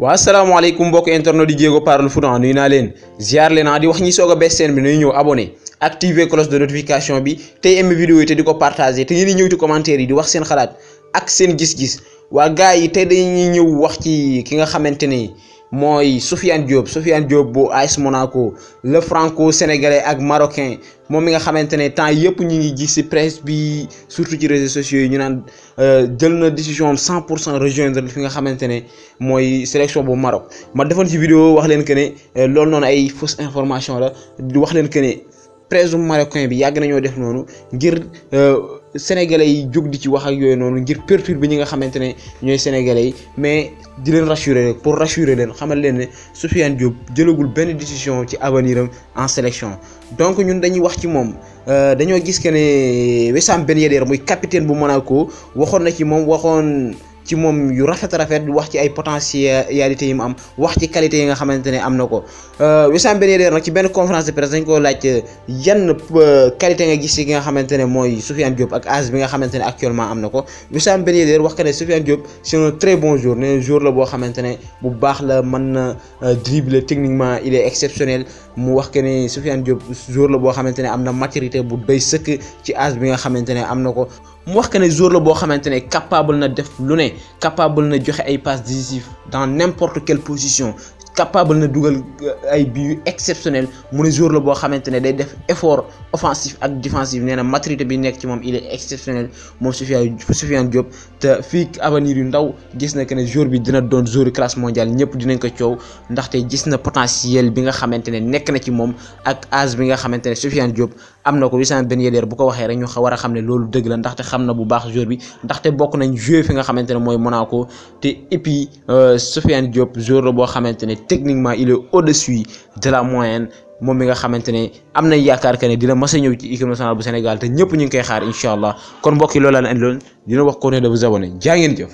waa asalaamaaleykum mbokk internet di Diégo Parle Foot ah, nuyu naa leen ziar leen ah, di wax ñi soog a bees seen bi nañu ñëw abonné activer cloche de notification bi tey aimé vidéo yi te di ko partager te ngeen di ñëw ci commentaire yi di wax seen xalaat ak seen gis-gis waa gars yi tey dañuy ñëw wax ci ki nga xamante ni mooy Sofiane Diop Sofiane Diop bu AS Monaco le franco sénégalais ak marocain moom mi nga xamante ne temps yëpp ñu ngi gis ci presse bi surtout ci réseaux sociaux yi ñu naan euh, jël na décision am pour cent rejoindre fi nga xamante ne mooy sélection bu Maroc ma defoon ci vidéo wax leen que ne euh, loolu noonu ay fausse information la wax leen que ne presse bu marocain bi yàgg nañoo def noonu ngir. Euh, sénégalais yi jóg di ci wax ak yooyu noonu ngir bi ñi nga xamante ne ñooy sénégalais yi mais di leen rassurer pour rassurer leen xamal leen ne Sofiane Diop jëlagul benn décision ci avenir en sélection donc ñun dañuy wax ci moom euh, dañoo gis que ne Wissam Ben Yedder muy capitaine bu Monaco waxoon na ci moom waxoon. ci moom yu rafet rafet wax ci ay potentialité yi mu am wax ci qualité yi nga xamante ne am na ko euh, Wissam Ben Yedder nag ci benn conférence de presse dañ ko laaj euh, yan euh, qualité nga yi nga xamante ne mooy Sofiane Diop ak âge bi nga xamante ne actuellement am na ko Wissam Ben Yedder wax que ne Sofiane Diop c'est un très bon joueur ne joueur la boo xamante ne bu baax la man na dribbler techniquement il est exceptionnel mu wax que ne Sofiane Diop joueur la boo xamante ne am na maturité bu doy sëkk ci âge bi nga xamante ne am na ko mu wax que ne joueur la boo xamante ne capable na def lu ne capable na joxe ay passes décisives dans n'importe quelle position capable na dugal euh, ay but exceptionnel mu ne joueur la boo xamante ne day def effort offensif ak défensif nee na maturité bi nekk ci moom il est exceptionnel moom Soufiane Sofiane Diop te fii avenir yu ndaw gis na que ne joueur bi dina doon joueur classe mondiale ñëpp dinañ ko coow ndaxte gis na potentiel bi nga xamante ne nekk na ci moom ak âge bi nga xamante ne Soufiane Diop amna ko Wissam Ben Yedder bu ko waxe rek ñu xawara xamne lolu deug la ndaxte xam na bu baax joueur bi ndaxte bokk nañ joué fi nga xamantene moy Monaco te et puis Sofiane Diop joueur bo xamantene techniquement il est au-dessus de la moyenne mom mi nga xamantene amna am nañ dina ma sa ñëw ci équipe nationale bu Sénégal te ñëpp ñu ngi koy xaar inshallah kon mbokk yi loolu laa andi lolu dina wax ko ne de vous abonner jaa ngeen